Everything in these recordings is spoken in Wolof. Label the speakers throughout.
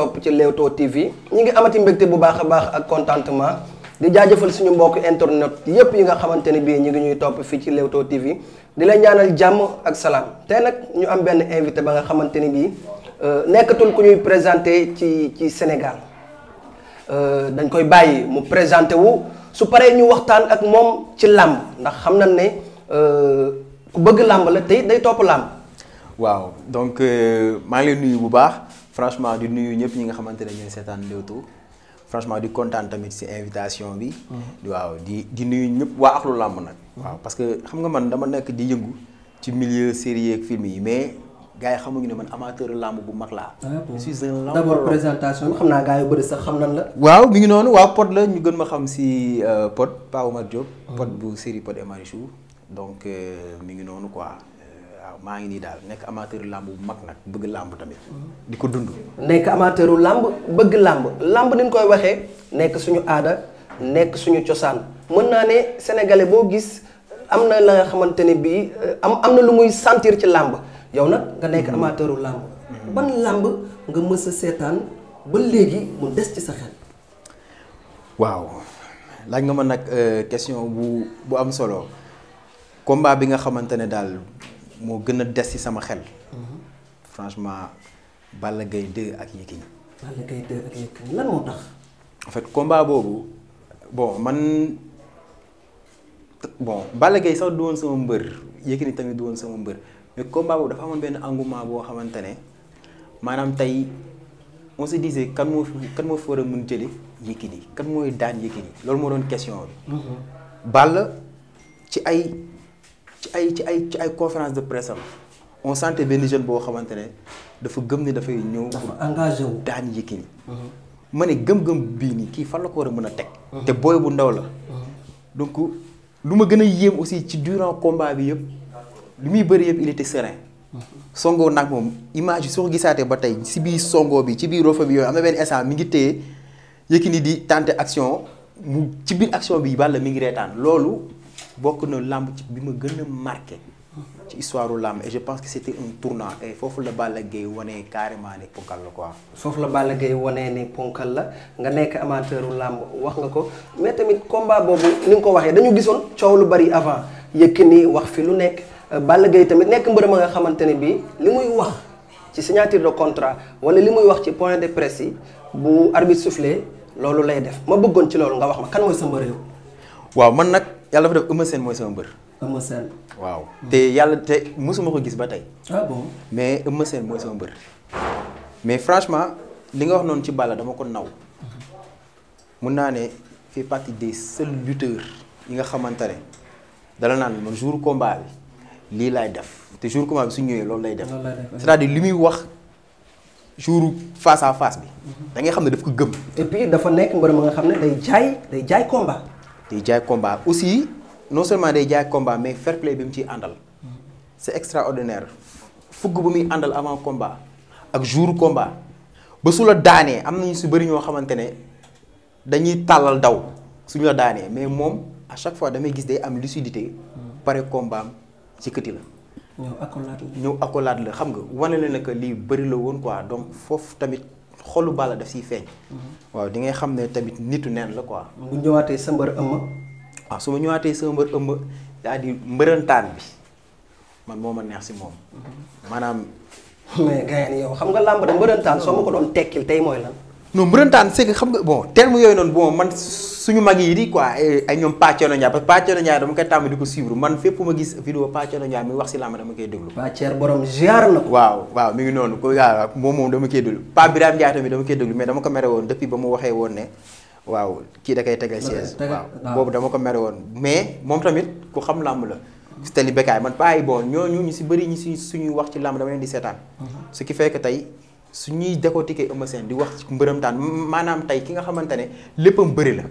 Speaker 1: topp ci Leewtoo TV ñi ngi amati mbégte bu baax a baax ak contentement di jaajafal suñu mbokk internet yépp yi nga xamante ne bii ñi ngi ñuy topp fii ci Leewtoo TV di la ñaanal jàmm ak salaam tey nag ñu am benn invité ba nga xamante ni bii euh, nekkatul ku ñuy présenté ci ci Sénégal euh, dañ koy bàyyi mu présenté wu su paree ñu waxtaan ak moom ci làmb ndax xam na ne euh, ku bëgg làmb la tey day topp làmb.
Speaker 2: waaw donc maa ngi lay bu baax. franchement di nuyu ñëpp ñi nga xamante ne ñooy seetaan Leewtoo franchement di kontaan tamit ci invitation bi. Mhm. waaw di di nuyu ñëpp waa Akhlu Làmb nag. Mhm. waaw parce que xam nga man dama nekk di yëngu ci milieu série ak film yi mais. gaa yi xamuñu ne man amateur làmb bu mag laa.
Speaker 1: Ah, d' abord présentation bi xam naa gaa yu bëri sax xam nan la. waaw mi ngi noonu waaw Pod
Speaker 2: la ñu gën ma xam si euh, Pod Pa Omar Diop. Mhm. pot bu série Pod et Marichou donc euh, mi ngi noonu quoi. waaw maa ngi nii daal nekk amateur làmb bu mag nag bëgg làmb tamit.
Speaker 1: di ko dund. nekk amateuru làmb bëgg làmb làmb ni ñu koy waxee nekk suñu aada nekk suñu cosaan mën naa ne sénégalais boo gis am na la nga xamante ne bii euh, am am na lu muy sentir ci làmb yow nag nga nekk mm-hmm. amateuru làmb. Mm-hmm. ban làmb nga mës a seetaan ba léegi mu des ci sa xel.
Speaker 2: waaw laaj nga ma nag euh, question bu bu am solo komba bi nga xamante ne daal. moo gën a des ci sama xel. Mhm. franchement Balla Gaye 2 ak Yékini.
Speaker 1: Balla Gaye 2 ak Yékini lan moo tax.
Speaker 2: en fait combat boobu bon man bon Balla Gaye sax du woon sama mbër Yékini tamit du woon sama mbër mais combat boobu dafa amoon benn engouement boo xamante ne maanaam tey on se disait kan moo fi kan moo fi war a mën jële Yékini kan mooy daan Yékini loolu moo doon question bi. Mhm. Balla ci ay. ci ay ci ay ci ay conférence de presse am on sentait benn jeune boo xamante ne dafa gëm ni dafay ñëw. dafa engagé wu daan Yékini. Mhm. ma ne gëm-gëm bii nii kii fan la ko war a mën a teg. Mhm. te booy bu ndaw la. Mhm. donc lu ma gën a yéem aussi ci durant combat bi yëpp lu muy bëri yëpp il était serein. nag moom image yi soo ko gisaatee ba tey si biir songoo bi ci biir rofa bi yooyu am na benn instant mi ngi téye Yékini di tenter action mu ci biir action bi Balla mi ngi reetaan loolu. bokk na làmb ci bi ma gën a marqué ci histoire u làmb et je pense que c'était un tournant et foofu la Balla Gaye wanee carrément ne ponkal la quoi.
Speaker 1: foofu la Balla Gaye wanee ni ponkal la nga nekk amateur u làmb wax nga ko mais tamit combat boobu ni nga ko waxee dañu gisoon coow lu bari avant yëkk Yékini wax fi lu nekk Balla Gaye tamit nekk mbërëm a nga xamante ne bii li muy wax ci signature de contrat wala li muy wax ci point de presse yi bu arbitre soufflé loolu lay def ma bëggoon ci loolu nga wax ma kan mooy sa yàlla dafa def Eumeu Sène mooy sama mbër.
Speaker 2: waaw hmm. te yàlla te mosuma ko gis ba tey. ah mais Eumeu Sène mooy sama mbër. mais franchement li nga wax noonu ci Balla dama ko naw mun naa ne fait partie des seuls lutteurs yi nga xamante ne dala naan man jour combat bi lii laay def te jour combat bi su ñëwee loolu lay def. cest à li muy wax. jour face à face bi. Mm-hmm. da ngay xam ne daf ko gëm. et puis dafa nekk mbër ma nga xam ne day jaay day jaay combat. di jaay combat aussi non seulement day jaay combat mais fair play bi mu ci àndal c'est extraordinaire fugg bu muy àndal avant combat ak jour combat ba su la daanee am nañu si bëri ñoo xamante ne dañuy tàllal daw suñu la daanee mais moom à chaque fois damay gis day am lucidité pare combat am ci këti la ñëw accolade la xam nga wane la ne que lii bëri la woon quoi donc foofu tamit xolu Balla daf siy feeñ. Mhm. waaw di ngay xam ne tamit nitu neen la quoi. bu ñëwaatee sa mbër ëmb. waaw su ma ñëwaatee sa mbër ëmb cest mbërantaan
Speaker 1: bi man moo ma neex si moom. Mhm. maanaam. mais gars yow xam nga làmb da mbërantaan soo ma ko doon tekkil tey mooy lan.
Speaker 2: non mbërantaan c'est xam nga bon terme yooyu noonu bon man. suñu mag yi di quoi ay ñoom Paceno Ndiaye parce que Paceno Ndiaye dama koy tàmm di ko suivre man fépp ma gis vidéo Paceno Ndiaye mi wax si làmb dama koy déglu. ko. waaw waaw mi ngi moom moom dama koy déglu Pape Birame Ndiaye tamit dama koy déglu mais dama ko ba mu waxee woon ne da koy tegal chaise. waaw boobu dama mais moom tamit ku xam làmb la. tali bekkaay man paa bon ñooñu ñu si bëri ñu si suñuy wax ci làmb dama leen di seetaan. Mhm. ce qui fait que tey su ñuy décortiquer Eumeu Sène di wax mbërëmtaan maanaam tey ki nga xamante ne léppam bëri la.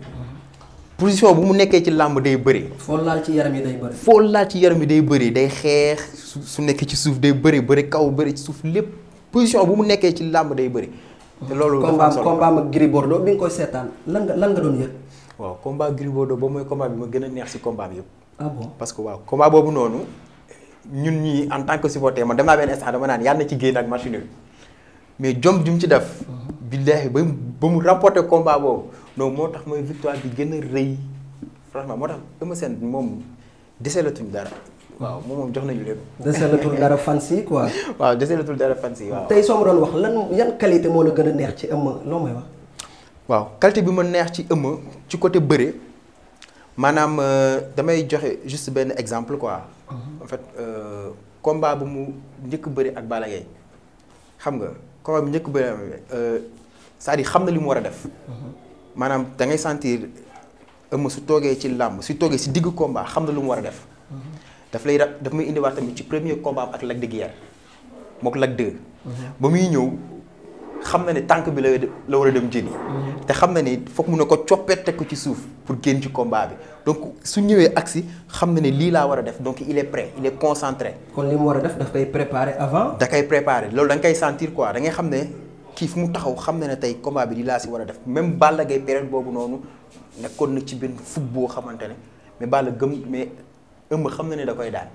Speaker 2: position bu mu nekkee ci làmb day bëri. foo laal ci yaram yi day bëri. foo laal ci yaram yi day bëri day xeex su nekkee ci suuf day bëri bëri kaw bëri ci suuf lépp position bu mu nekkee ci làmb day bëri. te loolu dafa am solo combat combat
Speaker 1: ak Gris Bordeaux bi nga koy seetaan lan nga lan nga doon yëg.
Speaker 2: waaw combat Gris Bordeaux ba mooy combat bi ma gën a neex si combat bi yëpp. ah bon parce que waaw combat boobu noonu ñun ñi en tant que supporter man dem naa benn instant dama naan yàlla na ci génn ak machine mais jom jum ci def. Mhm. billaahi ba mu ba mu rapporté combat boobu. donc moo tax mooy victoire bi gën a rëy franchement moo tax Eumeu Sène moom deselatuñ dara. waaw moom moom jox nañu lépp. deseelatul dara fan si quoi. waaw deseelatul dara fan si waaw. tey soo ma doon wax
Speaker 1: lan yan qualité moo la gën a neex ci Eumeu loo may wax. waaw qualité bi ma neex ci Eumeu
Speaker 2: ci côté bëre maanaam euh, damay joxe juste benn exemple quoi. Uh-huh. en fait euh, combat bu mu njëkk bëri ak Balla Gaye xam nga combat bu njëkk bëri euh, c'est-à-dire xam na li mu war a def. Uh-huh. maanaam da ngay sentir ëmm su toogee ci làmb su toogee si diggu komba xam na lu mu war a def. daf lay daf muy indiwaat tamit ci premier combat ak Lac de Guiers mook Lac 2. ba muy ñëw xam na ne tànk bi la la war a dem jëli. te xam na ne foog mu ne ko coppee teg ko ci suuf pour génn ci combat bi donc su ñëwee agsi xam na ne lii laa war a def donc il est prêt il est concentré. kon li mu war a def daf koy
Speaker 1: préparer avant.
Speaker 2: da koy préparer loolu danga nga koy sentir quoi da ngay xam ne. kii fu mu taxaw xam na ne tey combat bi di laa si war a def même Balla Gaye période boobu noonu nekkoon na ci benn fukk boo xamante ne mais Balla gëm mais ëmb na ne da koy daan.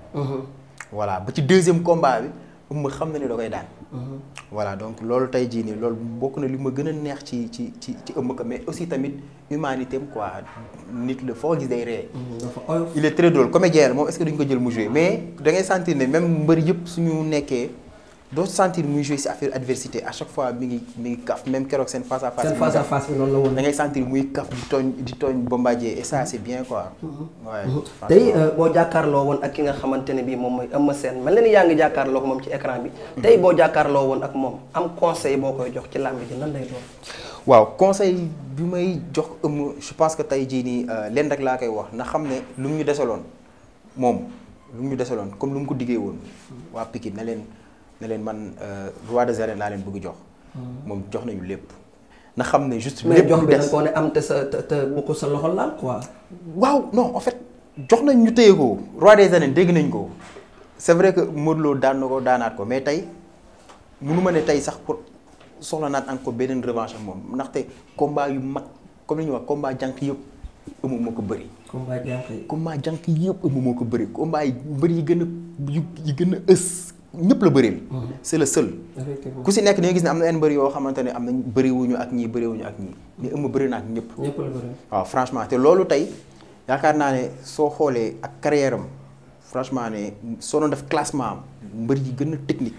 Speaker 2: ba ci deuxième combat bi ëmb xam na ne da koy daan. Mhm. Mhm. voilà donc loolu tey jii nii loolu bokk na li ma gën a neex ci ci ci ci ëmb ko mais aussi tamit humanité am quoi nit la foo day ree. Mhm, il est très drôle comédien moom est-ce que duñ ko jël mu jouer mais da ngay sentir ne même mbër yëpp ñu nekkee. doo sentir muy joué si affaire adversité à chaque fois mi ngi mi ngi kaf même keroog seen face à face. seen face à ngay sentir muy kaf di tooñ di
Speaker 1: tooñ Bombardier et ça c' est bien quoi. Mm-hmm. Mm-hmm. tey euh, boo jàkkaarloo woon ak ki nga xamante ne bii moom mooy Eumeu Sène mel yaa ngi jàkkaarloo ko moom ci écran bi. Mm-hmm. woon ak moom am conseil boo koy jox ci làmb ji nan lay doon.
Speaker 2: waaw conseil bi may jox Eumeu je pense que tey jii nii euh, leen rek laa koy wax na xam ne lu mu ñu desaloon moom lu mu ñu desaloon comme lu mu ko diggee woon waa Pikine na leen. ne leen man euh, roi des arènes laa leen bëgg jox. Hmm. moom jox nañu lépp. na xam ne juste. jox bi ko ne
Speaker 1: am te sa te bu
Speaker 2: ko sa loxo laal quoi. waaw non en jox nañ ñu téye ko roi des arènes dégg nañ ko c'est vrai que Modou loo daan ko daanaat ko mais tey munu ma ne tey sax pour soxla naat ko beneen revanche ak moom ndaxte combat yu mag comme li ñuy wax combat jànk yëpp ëmb moo ko bëri. combat jànk yi combat yëpp ëmb moo ko bëri combat yi bëri yi gën a yu gën a ës. ñépp la bëreel. Mhm. c'est le seul. ku si nekk dañuy gis ne am na yenn mbëri yoo xamante ne am nañ bëriwuñu ak ñii bëriwuñu ak ñii mais ëmb bëri na ak ñëpp. ñëpp waaw franchement te loolu tey yaakaar naa ne soo xoolee ak carrière am franchement ne soo doon def classement am mbër yi gën a technique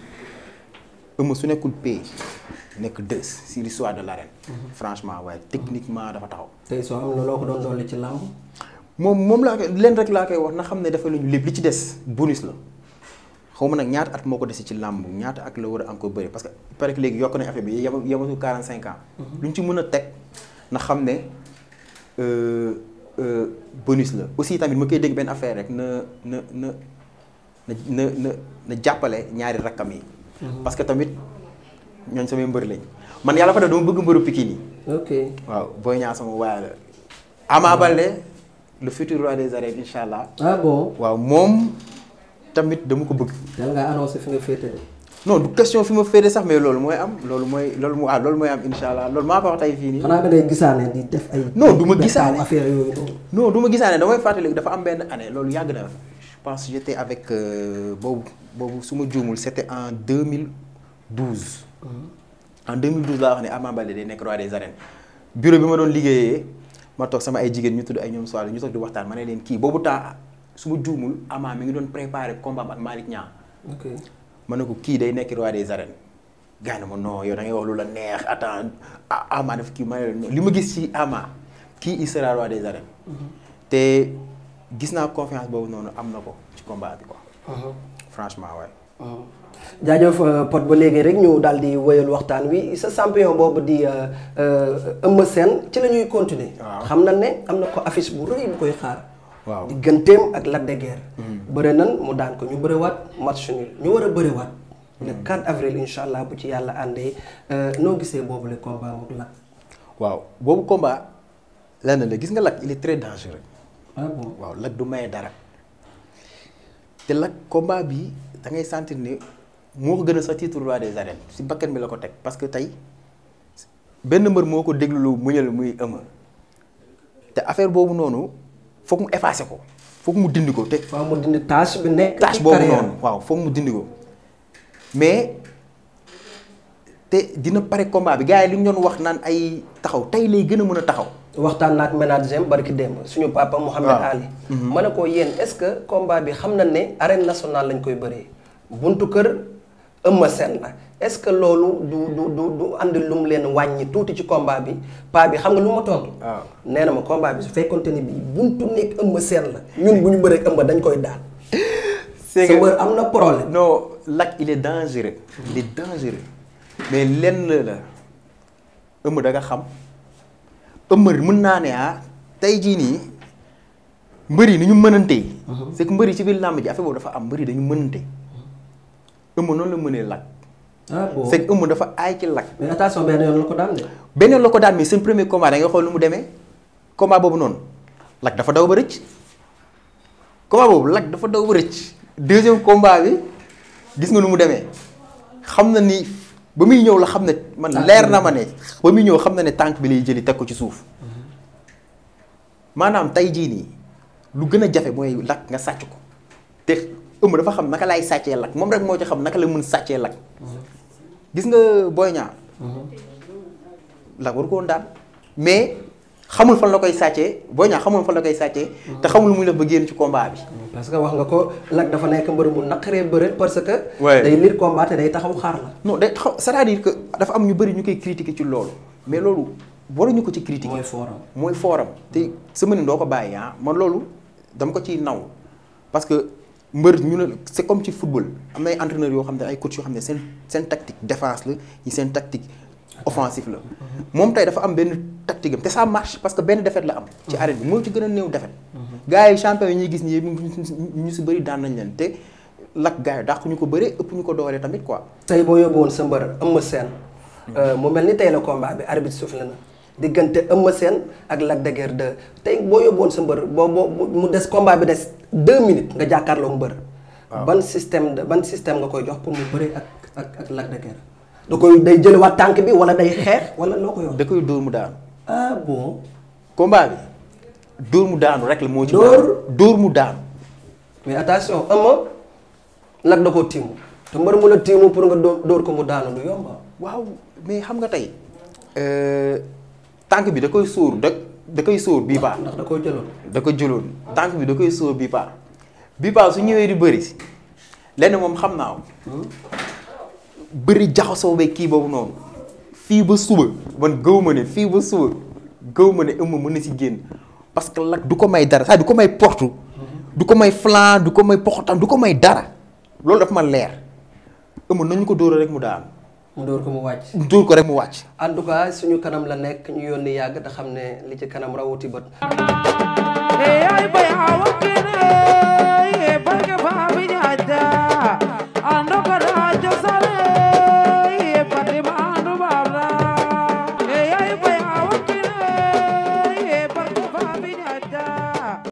Speaker 2: ëmb su nekkul pay nekk deux si l'histoire de l'arène. Mhm. franchement waaye techniquement dafa taxaw. tey soo am na loo moom moom laa koy leen rek laa koy wax na xam ne dafa lu ñu lépp li ci des bonus la. xaw ma nag ñaata at moo ko dese ci làmb ñaata at la war a encore bëri parce que pare que léegi yokk nañ affaire bi yem yematu 45 ans. Mhm. lu ñu ci mën a teg na xam ne euh, euh, bonus la. aussi tamit ma koy dégg benn affaire rek na na na na jàppale ñaari rakkam yi. Mhm. parce que tamit ñooñ samay mbër lañ. man yàlla fa def dama bëgg mbëru Pikine yi. ok waaw Boy Niang sama waay la. Mhm. le futur roi des arènes incha allah. Ah waaw moom. tamit dama ko bëgg. da nga annoncé fi nga féete non du question fi ma féete sax mais loolu mooy am loolu mooy loolu moo ah loolu mooy am incha allah loolu maa ko wax tey fii nii. xanaa da ngay gisaane
Speaker 1: non du ma gisaane affaire yooyu
Speaker 2: non damay fàttali dafa am benn année loolu yàgg na je pense j'étais avec euh, boobu boobu su ma juumul c'était en 2012. Mm-hmm. en 2012 laa wax ne Ama Baldé day nekk roi bureau bi ma doon liggéeyee ma toog sama ay jigéen ñu tudd ay ñoom soirée ñu toog di waxtaan ma ne leen kii boobu taa su ma juumul Ama mi ngi doon préparé combat ak Malick Niang. ok ma ne ko kii day nekk roi des arènes. gars ma non yow da wax lu la neex attends Ama daf kii ma li ma gis ci Ama kii il sera roi des arènes. Mhm. te gis naa confiance boobu noonu am na ko ci combat bi quoi. Uh-huh. franchement waaye.
Speaker 1: Uh-huh. jaajëf euh, Pod ba léegi rek ñu daal di wéyal waxtaan wi sa champion boobu di euh, euh, Eumeu Sène ci la continuer. xam na ne am na ko affice bu rëy bu koy xaar. waaw digganteem ak Lac de Guiers. Mm-hmm. bëre nan mu daan ko ñu bëriwaat match nul ñu war a bëriwaat. Mm-hmm. le 4 avril incha allah bu ci yàlla àndee euh, noo gisee boobu le combat moom Lac.
Speaker 2: waaw boobu combat lenn la gis nga Lac il est très dangereux. Ah waaw Lac du maye dara. te Lac combat bi dangay santir ni ne moo ko gën a sa titre roi des arènes si bakkan bi la ko teg parce que tey benn mbër moo ko déglu lu muñal muy ëmb te affaire boobu noonu. foog mu effacé ko foog mu dindi ko te. waaw mu dindi tâche bi nekk. tâche boobu noonu waaw foog mu dindi ko mais te
Speaker 1: dina pare combat bi gars yi lu ñu wax naan ay taxaw tey lay gën a mën a taxaw. waxtaan naag ménage barki démb suñu papa Mouhamed Ali. Mhm. ma ne ko yéen est-ce que combat bi xam na ne arène nationale lañ koy bëree buntu kër. Eumeu Sène la est-ce que loolu du du du du andi lu leen wàññi tuuti ci combat bi paa bi xam nga lu ma tontu. waaw ah. nee na ma combat bi su fekkonte ni bii buntu nekk Eumeu seen la ñun bu ñu bëree Eumeu dañ koy daal. c'est am na problème.
Speaker 2: non Lac il est dangereux. il est dangereux mais lenn la Eumeu da nga xam Eumeu mën naa ne ah tey jii nii mbër yi ni ñu mënantee. Mhm. c'est que mbër yi ci biir làmb ji affaire boobu dafa am mbër yi dañu mënante. ëmb noonu la mënee ne ah bon c'est que ëmb dafa aay ci lakk. mais attention benn yoon la ko daan de. benn yoon la ko daan mais seen premier combat da nga xool mu demee combat boobu noonu lakk dafa daw ba rëcc. combat boobu lakk dafa daw ba rëcc. deuxième combat bi gis nga lu mu demee xam na ni ba muy ñëw la xam ne man leer na ma ne. ba muy ñëw xam na ne tànk bi lay jëli teg ko ci suuf mm-hmm. maanaam tey jii nii lu gën a jafe mooy lakk nga sàcc ko ëmb dafa xam naka laay sàccee lak moom rek moo ci xam naka la mën sàccee lak gis nga Boy ñaa la war ko daan mais xamul fan la koy sàccee Boy Niang xamul fan la koy sàccee te xamul lu muy def ba génn ci combat bi
Speaker 1: parce que wax nga ko lak dafa nekk
Speaker 2: mbër mu naqaree bëre parce que day liir combat te day taxaw xaar la non day taxaw cest à que dafa am ñu bëri ñu koy critiquer ci loolu mais loolu waruñu ko ci critiquer mooy fooram mooy fooram te sama ni ko bàyyi ah man loolu dama ko ciy naw mbër ñu ne c'est comme ci football am na ay entraîneurs yoo xam ne ay coach yoo xam ne seen seen tactique défense la yi seen tactique offensive la moom tey dafa am benn tactique am te ça marche parce que benn défaite la am ci arène bi moo ci gën a néew défaite gars yi champion yi ñuy gis ñi ñu si bëri daan nañ leen te
Speaker 1: lak gars yi dàq ñu ko bëree ëpp ñu ko doole tamit quoi tey boo yóbbu woon sa mbër Eumeu Sène euh, mu mel ni tey la combat bi arbitre soufflé na diggante Eumeu seen ak Lac de Guiers 2 tey boo yóbboon sa mbër boo boo mu des combat bi des deux minutes nga jàkkaarloo mbër. ban système de ban système nga koy jox pour mu bëree ak ak ak Lac de Guiers. da koy day jëliwaat tànk bi wala day xeex wala loo koy wax. da koy dóor mu daanu. Ah mu daanu rek la moo ci. dóor dóor mu daanu. mais attention Eumeu Lac da koo tiimu te mbër mu la tiimu pour nga dóor ko mu daanu du yomb
Speaker 2: waaw mais xam nga tey.
Speaker 1: Euh, tànk bi da koy sóor da da koy sóor bii
Speaker 2: paar ndax da koy jëloon da koy jëloon tànk bi da koy sóor bii paar bii paar su ñëwee di bëri lenn moom xam naa hmm? bëri jaxasoo ba kii boobu noonu fii ba suba man gëw ma ne fii ba suba gëw ma ne ëmb mën na si génn parce que lak du ko may dara saa du ko may portu du ko may flan du ko may poxotam du ko may dara
Speaker 1: loolu daf ma leer ëmb nañu ko dóora rek mu daan mu dóor ko mu wàcc. mu dóor ko rek mu wàcc. en tout cas suñu kanam la nekk ñu yónni yàgg te xam ne li ci kanam rawuti bët.